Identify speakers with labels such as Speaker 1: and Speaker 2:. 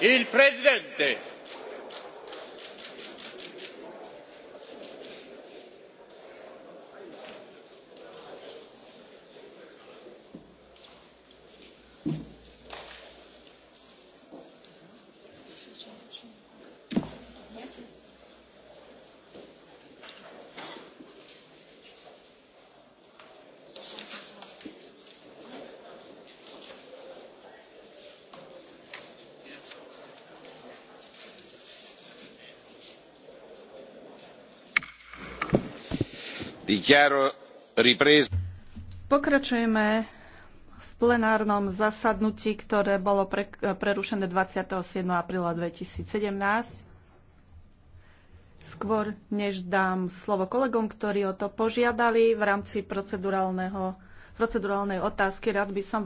Speaker 1: Il presidente.
Speaker 2: Pokračujeme v plenárnom zasadnutí, ktoré bolo prerušené 27. apríla 2017. Skôr než dám slovo kolegom, ktorí o to požiadali v rámci procedurálnej otázky, rád by som